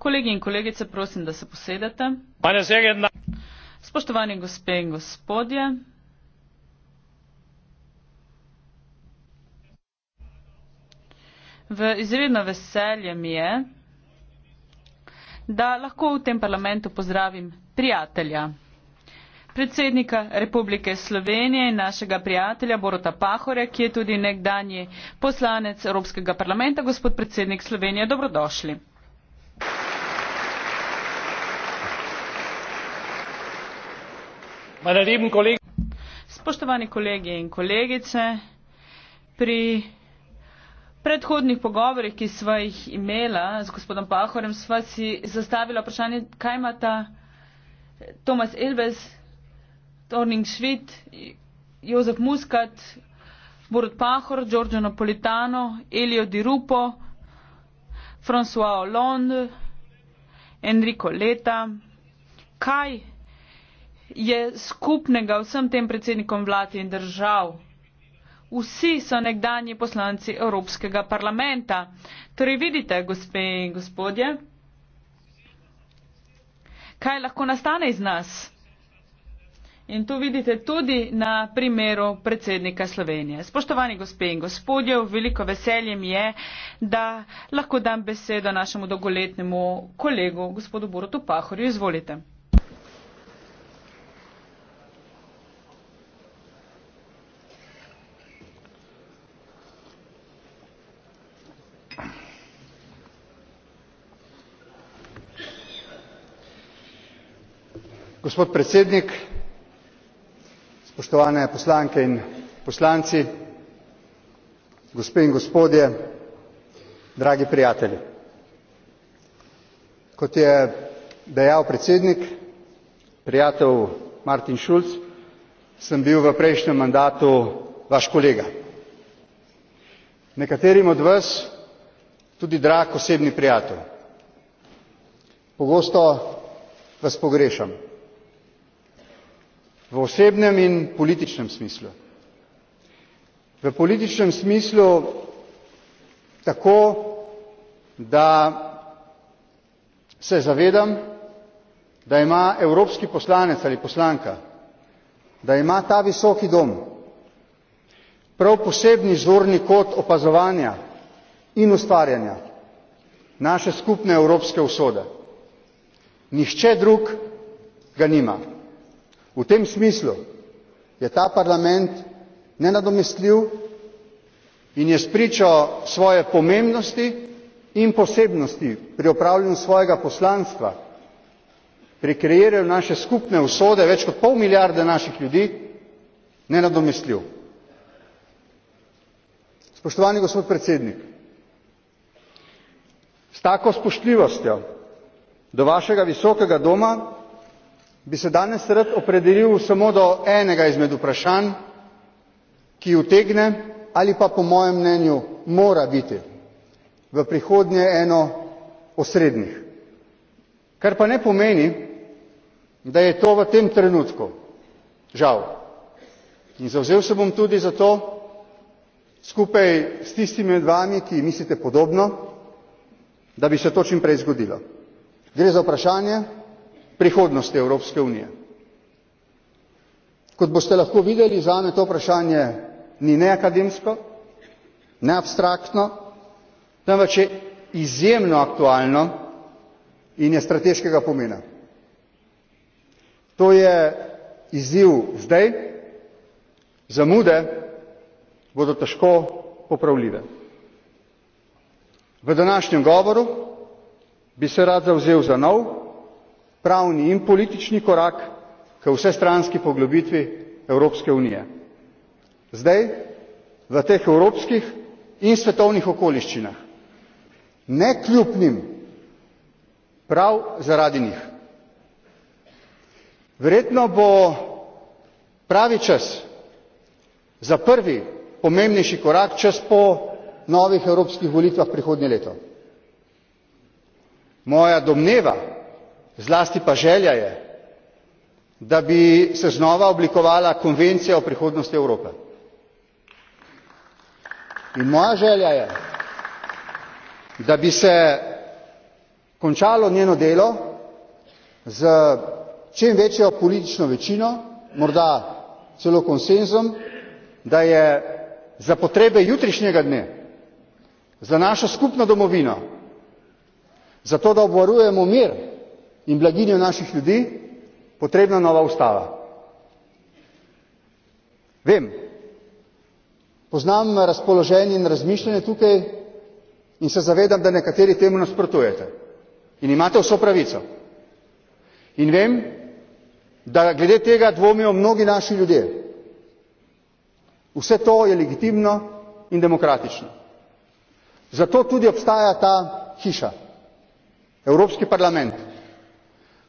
kolegi in kolegice prosim da se posedete spoštovani gospe in gospodje v izredno veselje mi je da lahko v tem parlamentu pozdravim prijatelja predsednika republike slovenije in našega prijatelja boruta pahorja ki je tudi nekdanji poslanec evropskega parlamenta gospod predsednik slovenije dobrodošli. Spoštovani kolegi in kolegice, pri predhodnih pogovorih, ki sva jih imela z gospodom Pahorem, sva si zastavila vprašanje, kaj ima ta Tomas Elves Torning Svit, Jozef Muskat, Borut Pahor, Giorgio Napolitano, Elio Di Rupo, François Hollande, Enrico Leta. Kaj je skupnega vsem tem predsednikom vlade in držav? Vsi so nekdanji poslanci Evropskega parlamenta. Torej vidite, gospe in gospodje, kaj lahko nastane iz nas? In to vidite tudi na primeru predsednika Slovenije. Spoštovani gospe in gospodje, veliko veselje mi je, da lahko dam besedo našemu dolgoletnemu kolegu, gospodu Borotu Pahorju. Izvolite. Gospod predsednik, spoštovane poslanke in poslanci gospe in gospodje dragi prijatelji kot je dejal predsednik prijatelj martin schulz sem bil v prejšnjem mandatu vaš kolega nekaterim od vas tudi drag osebni prijatelj pogosto vas pogrešam v osebnem in političnem smislu v političnem smislu tako da se zavedam da ima evropski poslanec ali poslanka da ima ta visoki dom prav posebni zorni kot opazovanja in ustvarjanja naše skupne evropske usode nihče drug ga nima v tem smislu je ta parlament nenadomestljiv in je spričo svoje pomembnosti in posebnosti pri opravljanju svojega poslanstva pri kreiranju naše skupne usode več kot pol milijarde naših ljudi nenadomestljiv. spoštovani gospod predsednik s tako spoštljivostjo do vašega visokega doma bi se danes rad opredelil samo do enega izmed vprašanj, ki utegne ali pa po mojem mnenju mora biti v prihodnje eno osrednjih. Kar pa ne pomeni, da je to v tem trenutku žal. In zavzel se bom tudi za to, skupaj s tistimi med vami, ki mislite podobno, da bi se to čimprej zgodilo. Gre za vprašanje, prihodnosti evropske unije kot boste lahko videli zame to vprašanje ni ne akademsko ne abstraktno temveč je izjemno aktualno in je strateškega pomena to je izziv zdaj zamude bodo težko popravljive v današnjem govoru bi se rad zavzel za nov pravni in politični korak k vsestranski poglobitvi evropske unije. zdaj v teh evropskih in svetovnih okoliščinah ne kljub njim prav zaradi njih. verjetno bo pravi čas za prvi pomembnejši korak čas po novih evropskih volitvah prihodnje leto. moja domneva zlasti pa želja je da bi se znova oblikovala konvencija o prihodnosti evrope in moja želja je da bi se končalo njeno delo s čim večjo politično večino morda celo konsenzom da je za potrebe jutrišnjega dne za našo skupno domovino za to da obvarujemo mir in blaginjo naših ljudi potrebna nova ustava. Vem, poznam razpoloženje in razmišljanje tukaj in se zavedam, da nekateri temu nasprotujete in imate vso pravico. In vem, da glede tega dvomijo mnogi naši ljudje. Vse to je legitimno in demokratično. Zato tudi obstaja ta hiša, Evropski parlament,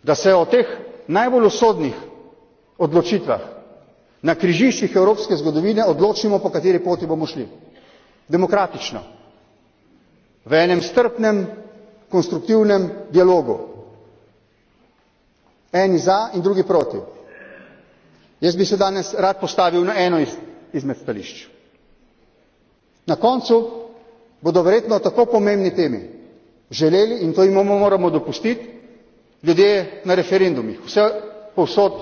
da se o teh najbolj usodnih odločitvah na križiščih evropske zgodovine odločimo po kateri poti bomo šli demokratično v enem strpnem konstruktivnem dialogu eni za in drugi proti jaz bi se danes rad postavil na eno izmed stališč na koncu bodo verjetno tako pomembni temi želeli in to jim moramo dopustiti ljudje na referendumih vse povsod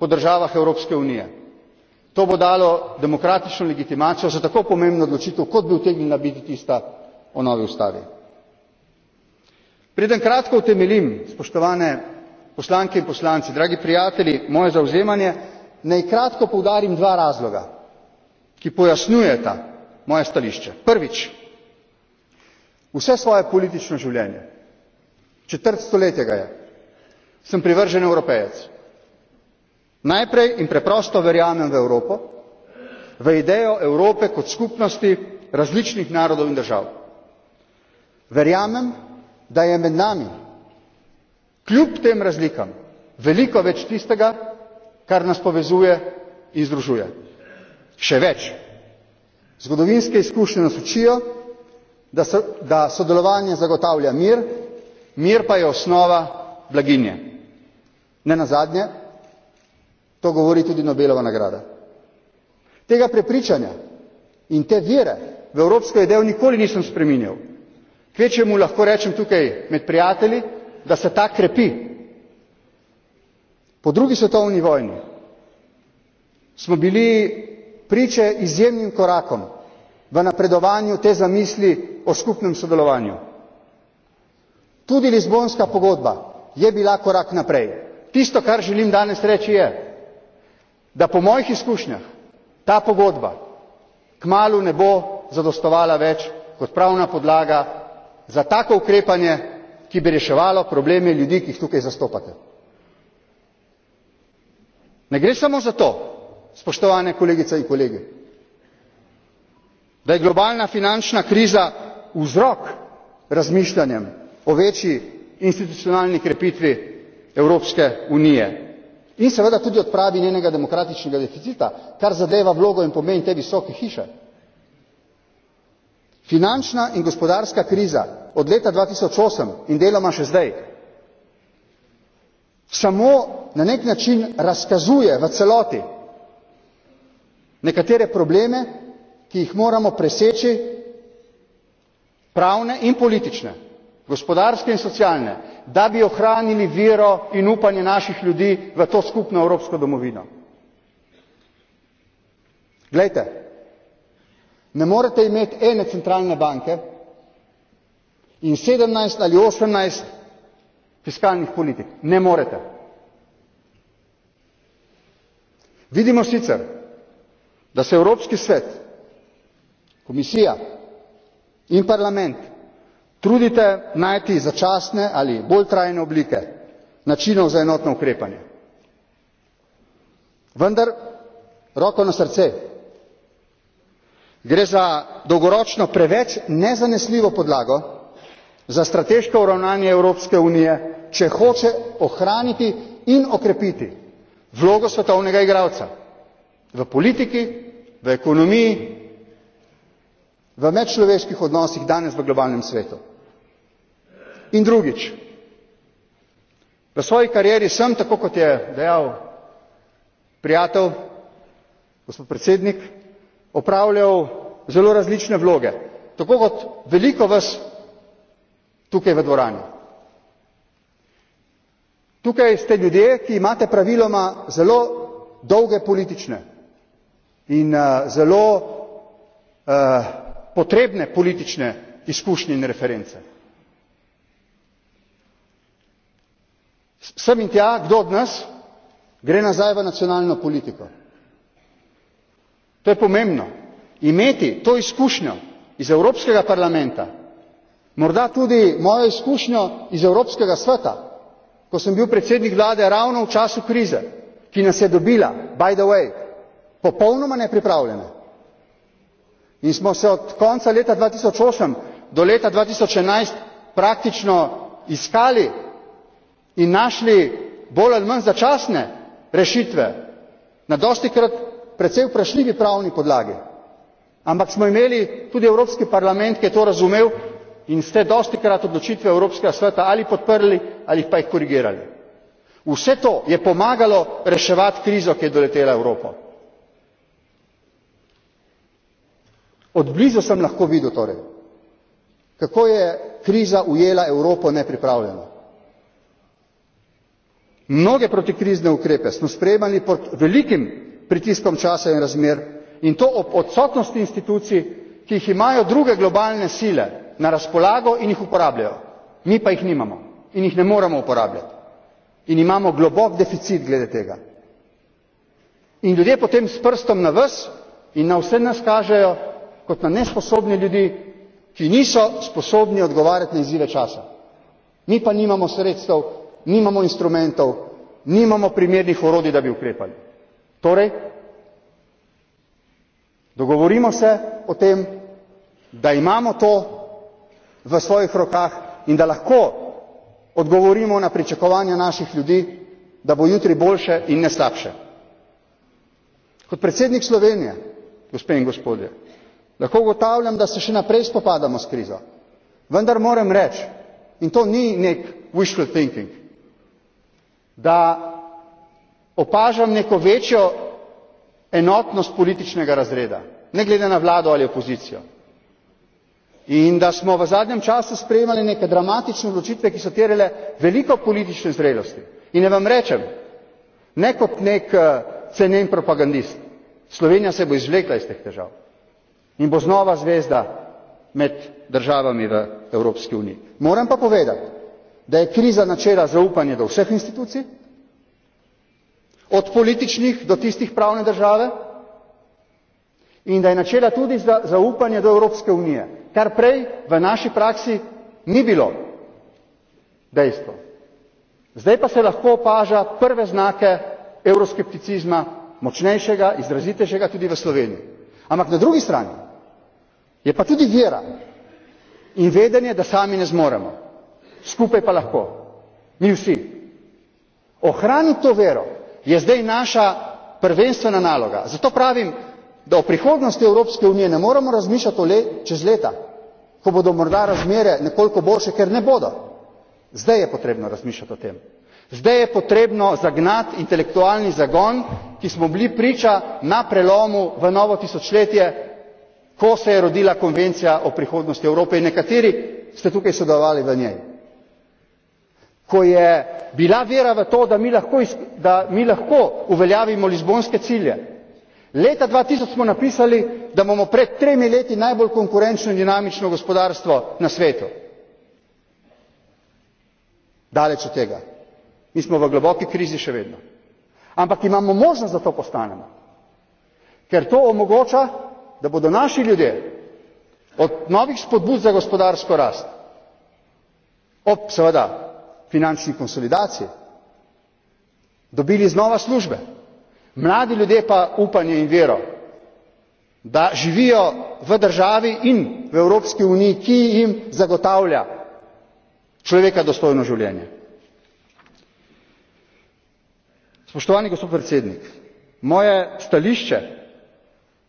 po državah evropske unije to bo dalo demokratično legitimacijo za tako pomembno odločitev kot bi utegnila biti tista o novi ustavi. preden kratko utemeljim spoštovane poslanke in poslanci dragi prijatelji moje zavzemanje naj kratko poudarim dva razloga ki pojasnjujeta moje stališče prvič vse svoje politično življenje četrt stoletja ga je sem privržen evropejec najprej in preprosto verjamem v evropo v idejo evrope kot skupnosti različnih narodov in držav verjamem da je med nami kljub tem razlikam veliko več tistega kar nas povezuje in združuje še več zgodovinske izkušnje nas učijo da sodelovanje zagotavlja mir mir pa je osnova blaginje ne nazadnje to govori tudi nobelova nagrada tega prepričanja in te vere v evropsko idejo nikoli nisem spreminjal kvečjemu lahko rečem tukaj med prijatelji da se ta krepi po drugi svetovni vojni smo bili priče izjemnim korakom v napredovanju te zamisli o skupnem sodelovanju tudi lizbonska pogodba je bila korak naprej tisto kar želim danes reči je da po mojih izkušnjah ta pogodba kmalu ne bo zadostovala več kot pravna podlaga za tako ukrepanje ki bi reševalo probleme ljudi ki jih tukaj zastopate. ne gre samo za to spoštovane kolegice in kolegi da je globalna finančna kriza vzrok razmišljanjem o večji institucionalni krepitvi evropske unije in seveda tudi odpravi njenega demokratičnega deficita kar zadeva vlogo in pomen te visoke hiše. finančna in gospodarska kriza od leta dva tisoč osem in deloma še zdaj samo na nek način razkazuje v celoti nekatere probleme ki jih moramo preseči pravne in politične gospodarske in socialne da bi ohranili vero in upanje naših ljudi v to skupno evropsko domovino. glejte ne morete imeti ene centralne banke in sedemnajst ali osemnajst fiskalnih politik ne morete. vidimo sicer da se evropski svet komisija in parlament trudite najti začasne ali bolj trajne oblike načinov za enotno ukrepanje vendar roko na srce gre za dolgoročno preveč nezanesljivo podlago za strateško ravnanje evropske unije če hoče ohraniti in okrepiti vlogo svetovnega igralca v politiki v ekonomiji v medčloveških odnosih danes v globalnem svetu. In drugič, v svoji karieri sem, tako kot je dejal prijatelj, gospod predsednik, opravljal zelo različne vloge, tako kot veliko vas tukaj v dvorani. Tukaj ste ljudje, ki imate praviloma zelo dolge politične in eh, zelo uh, potrebne politične izkušnje in reference. sem in tja kdo od nas gre nazaj v nacionalno politiko. to je pomembno imeti to izkušnjo iz evropskega parlamenta morda tudi mojo izkušnjo iz evropskega sveta ko sem bil predsednik vlade ravno v času krize ki nas je dobila by the way popolnoma nepripravljene in smo se od konca leta dva tisoč osem do leta dva tisoč enajst praktično iskali in našli bolj ali manj začasne rešitve na dostikrat precej vprašljivi pravni podlagi ampak smo imeli tudi evropski parlament ki je to razumel in ste dostikrat odločitve evropskega sveta ali podprli ali pa jih korigirali. vse to je pomagalo reševati krizo ki je doletela evropo. od blizu sem lahko videl torej kako je kriza ujela evropo nepripravljeno mnoge protikrizne ukrepe smo sprejemali pod velikim pritiskom časa in razmer in to ob odsotnosti institucij ki jih imajo druge globalne sile na razpolago in jih uporabljajo mi pa jih nimamo in jih ne moremo uporabljati in imamo globok deficit glede tega in ljudje potem s prstom na vas in na vse nas kažejo kot na nesposobne ljudi ki niso sposobni odgovarjati na izzive časa mi pa nimamo sredstev nimamo instrumentov nimamo primernih orodij da bi ukrepali torej dogovorimo se o tem da imamo to v svojih rokah in da lahko odgovorimo na pričakovanja naših ljudi da bo jutri boljše in ne slabše kot predsednik slovenije gospe in gospodje lahko ugotavljam da se še naprej spopadamo s krizo vendar moram reči in to ni nek wishful thinking da opažam neko večjo enotnost političnega razreda ne glede na vlado ali opozicijo in da smo v zadnjem času sprejemali neke dramatične odločitve ki so terjale veliko politične zrelosti in ne vam rečem ne kot nek eh, cenen propagandist slovenija se bo izvlekla iz teh težav in bo znova zvezda med državami v evropski uniji moram pa povedati da je kriza načela zaupanje do vseh institucij od političnih do tistih pravne države in da je načela tudi za zaupanje do evropske unije kar prej v naši praksi ni bilo dejstvo zdaj pa se lahko opaža prve znake evroskepticizma močnejšega izrazitejšega tudi v sloveniji ampak na drugi strani je pa tudi vera in vedenje da sami ne zmoremo skupaj pa lahko mi vsi ohraniti to vero je zdaj naša prvenstvena naloga zato pravim da o prihodnosti evropske unije ne moremo razmišljati le čez leta ko bodo morda razmere nekoliko boljše ker ne bodo zdaj je potrebno razmišljati o tem zdaj je potrebno zagnati intelektualni zagon ki smo bili priča na prelomu v novo tisočletje ko se je rodila konvencija o prihodnosti evrope in nekateri ste tukaj sodelovali v njej ko je bila vera v to da mi lahko, da mi lahko uveljavimo lizbonske cilje leta dva tisoč smo napisali da bomo pred tremi leti najbolj konkurenčno in dinamično gospodarstvo na svetu daleč od tega mi smo v globoki krizi še vedno ampak imamo možnost da to postanemo ker to omogoča da bodo naši ljudje ob novih spodbud za gospodarsko rast ob seveda finančni konsolidaciji dobili znova službe mladi ljudje pa upanje in vero da živijo v državi in v evropski uniji ki jim zagotavlja človeka dostojno življenje spoštovani gospod predsednik moje stališče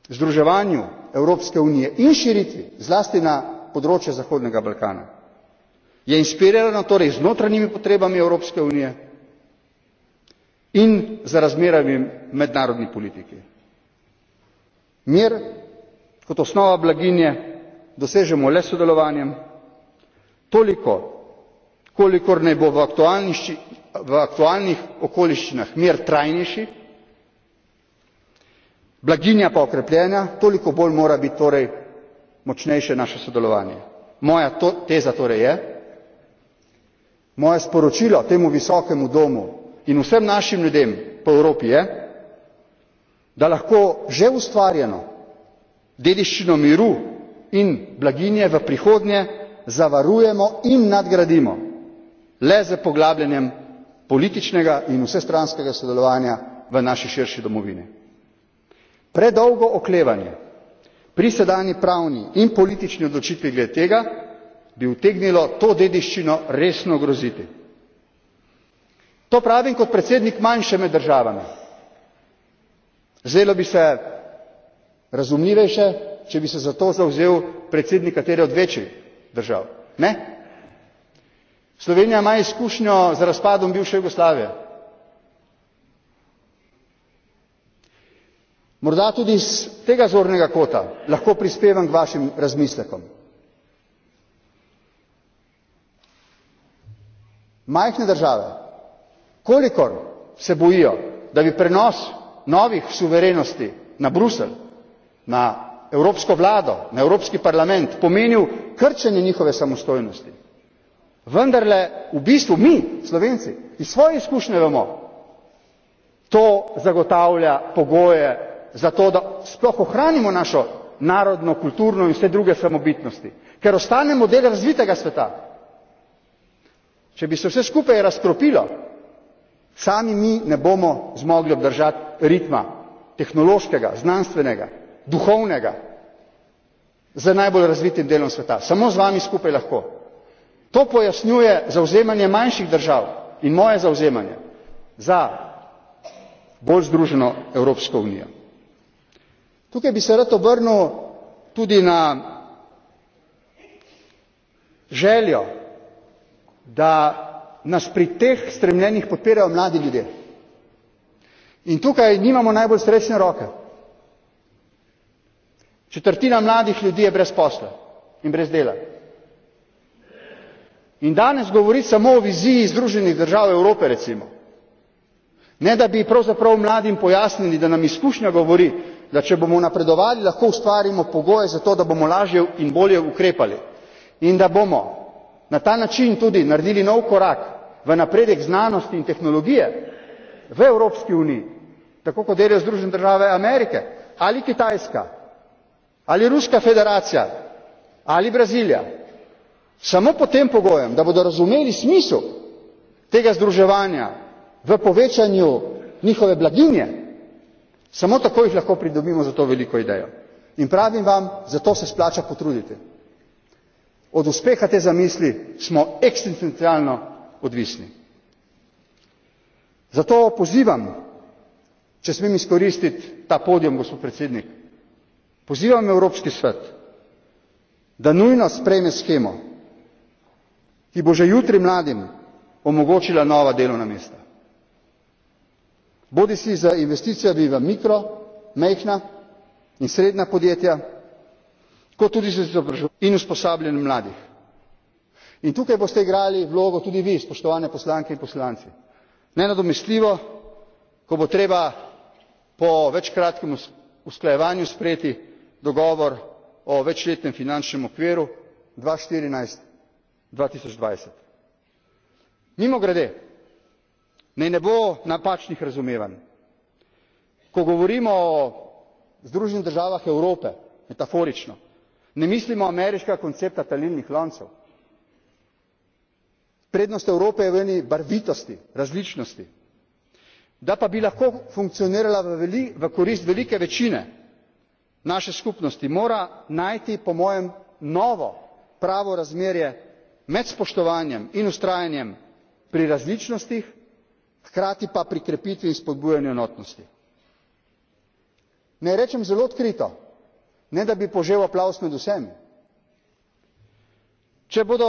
združevanju evropske unije in širitvi zlasti na področje zahodnega balkana je inspirirana torej z notranjimi potrebami evropske unije in z razmerami v mednarodni politiki. mir kot osnova blaginje dosežemo le s sodelovanjem toliko kolikor naj bo v, v aktualnih okoliščinah mir trajnejši blaginja pa okrepljena toliko bolj mora biti torej močnejše naše sodelovanje. moja to teza torej je moje sporočilo temu visokemu domu in vsem našim ljudem po Evropi je, da lahko že ustvarjeno dediščino miru in blaginje v prihodnje zavarujemo in nadgradimo le z poglabljanjem političnega in vsestranskega sodelovanja v naši širši domovini. Predolgo oklevanje pri sedanji pravni in politični odločitvi glede tega bi utegnilo to dediščino resno ogroziti. To pravim kot predsednik manjše med državami. Zelo bi se razumljivejše, če bi se za to zauzel predsednik katere od večjih držav. Ne? Slovenija ima izkušnjo z razpadom bivše Jugoslavije. Morda tudi iz tega zornega kota lahko prispevam k vašim razmislekom. majhne države kolikor se bojijo da bi prenos novih suverenosti na bruselj na evropsko vlado na evropski parlament pomenil krčenje njihove samostojnosti vendarle v bistvu mi slovenci iz svoje izkušnje vemo to zagotavlja pogoje za to da sploh ohranimo našo narodno kulturno in vse druge samobitnosti ker ostanemo del razvitega sveta če bi se vse skupaj razstropilo sami mi ne bomo zmogli obdržati ritma tehnološkega znanstvenega duhovnega z najbolj razvitim delom sveta samo z vami skupaj lahko to pojasnjuje zauzemanje manjših držav in moje zauzemanje za bolj združeno evropsko unijo tukaj bi se rad obrnil tudi na željo da nas pri teh stremljenjih podpirajo mladi ljudje. In tukaj nimamo najbolj srečne roke. Četrtina mladih ljudi je brez posla in brez dela. In danes govoriti samo o viziji Združenih držav Evrope recimo, ne da bi pravzaprav mladim pojasnili, da nam izkušnja govori, da če bomo napredovali, lahko ustvarimo pogoje za to, da bomo lažje in bolje ukrepali in da bomo na ta način tudi naredili nov korak v napredek znanosti in tehnologije v Evropski uniji, tako kot delijo Združene države Amerike ali Kitajska ali Ruska federacija ali Brazilija, samo pod tem pogojem, da bodo razumeli smisel tega združevanja v povečanju njihove blaginje, samo tako jih lahko pridobimo za to veliko idejo. In pravim vam, zato se splača potruditi od uspeha te zamisli smo eksistencialno odvisni. zato pozivam če smem izkoristiti ta podium gospod predsednik pozivam evropski svet da nujno sprejme shemo ki bo že jutri mladim omogočila nova delovna mesta bodisi z investicijami v mikro majhna in srednja podjetja kot tudi z izobraževanjem in usposabljanjem mladih. in tukaj boste igrali vlogo tudi vi spoštovane poslanke in poslanci nenadomestljivo ko bo treba po večkratnem usklajevanju sprejeti dogovor o večletnem finančnem okviru dva tisoč štirinajst dva tisoč dvajset mimogrede naj ne bo napačnih razumevanj ko govorimo o združenih državah evrope metaforično ne mislimo ameriškega koncepta talilnih loncev. prednost evrope je v njeni barvitosti različnosti. da pa bi lahko funkcionirala v korist velike večine naše skupnosti mora najti po mojem novo pravo razmerje med spoštovanjem in vztrajanjem pri različnostih hkrati pa pri krepitvi in spodbujanju enotnosti. naj rečem zelo odkrito ne da bi požel aplavz med vsemi če bodo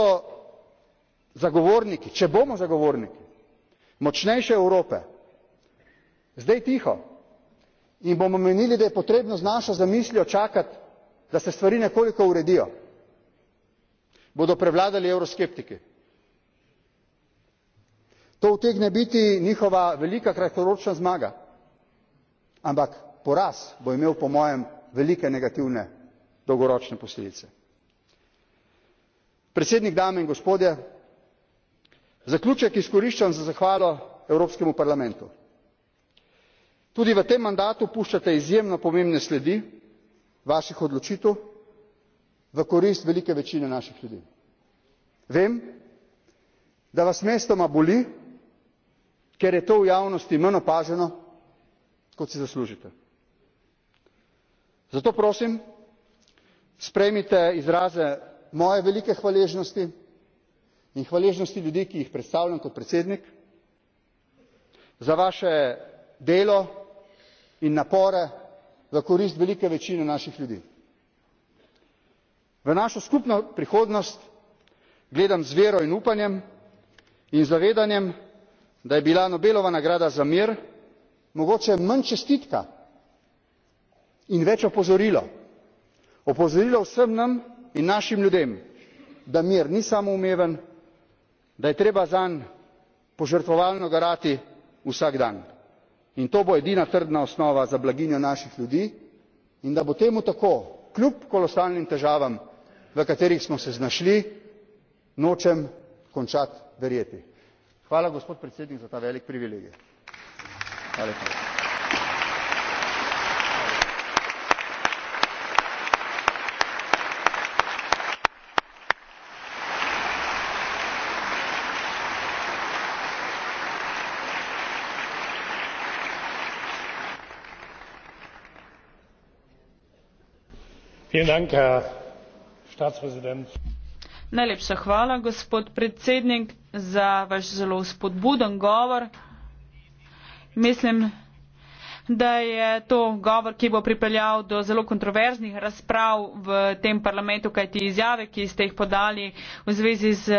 zagovorniki če bomo zagovorniki močnejše evrope zdaj tiho in bomo menili da je potrebno z našo zamislijo čakati da se stvari nekoliko uredijo bodo prevladali evroskeptiki to utegne biti njihova velika kratkoročna zmaga ampak poraz bo imel po mojem velike negativne dolgoročne posledice. predsednik dame in gospodje zaključek izkoriščam za zahvalo evropskemu parlamentu. tudi v tem mandatu puščate izjemno pomembne sledi vaših odločitev v korist velike večine naših ljudi. vem da vas mestoma boli ker je to v javnosti manj opaženo kot si zaslužite zato prosim sprejmite izraze moje velike hvaležnosti in hvaležnosti ljudi ki jih predstavljam kot predsednik za vaše delo in napore v korist velike večine naših ljudi. v našo skupno prihodnost gledam z vero in upanjem in zavedanjem da je bila nobelova nagrada za mir mogoče manj čestitka in več opozorilo opozorilo vsem nam in našim ljudem da mir ni samoumeven da je treba zanj požrtvovalno garati vsak dan in to bo edina trdna osnova za blaginjo naših ljudi in da bo temu tako kljub kolosalnim težavam v katerih smo se znašli nočem končati verjeti. hvala gospod predsednik za ta velik privilegij. najlepša hvala gospod predsednik za vaš zelo spodbuden govor. mislim da je to tudi odraz vaše dolgoletne prakse da je to govor, ki bo pripeljal do zelo kontroverznih razprav v tem parlamentu, kajti izjave, ki ste jih podali v zvezi z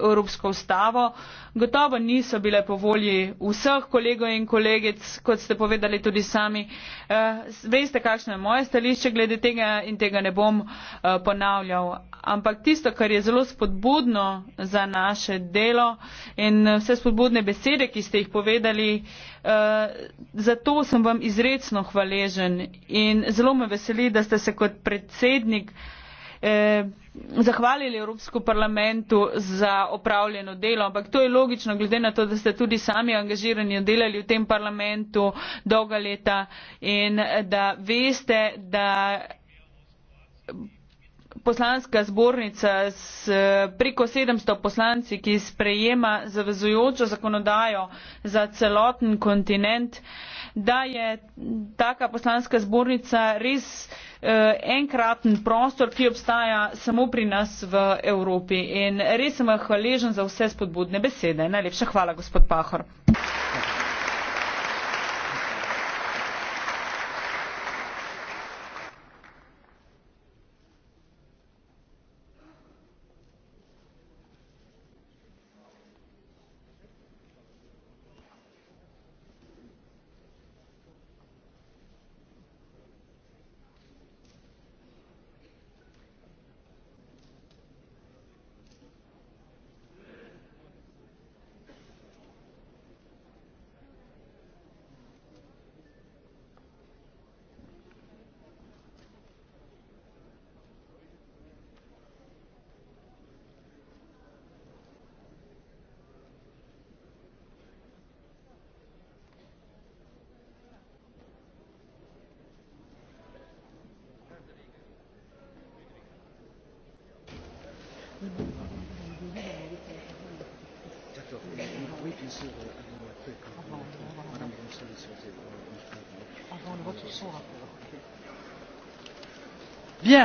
Evropsko ustavo, gotovo niso bile po volji vseh kolegov in kolegic, kot ste povedali tudi sami. Eh, veste, kakšno je moje stališče glede tega in tega ne bom eh, ponavljal. Ampak tisto, kar je zelo spodbudno za naše delo in vse spodbudne besede, ki ste jih povedali, eh, zato sem v vam izredno hvaležen in zelo me veseli, da ste se kot predsednik eh, zahvalili Evropsko parlamentu za opravljeno delo, ampak to je logično, glede na to, da ste tudi sami angažirani in delali v tem parlamentu dolga leta in eh, da veste, da poslanska zbornica s eh, preko sedemsto poslanci ki sprejema zavezujočo zakonodajo za celoten kontinent da je taka poslanska zbornica res eh, enkraten prostor ki obstaja samo pri nas v evropi in res sem hvaležen za vse spodbudne besede najlepša hvala gospod pahor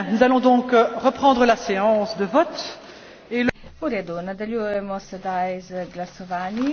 nous allons donc euh, reprendre la séance de vote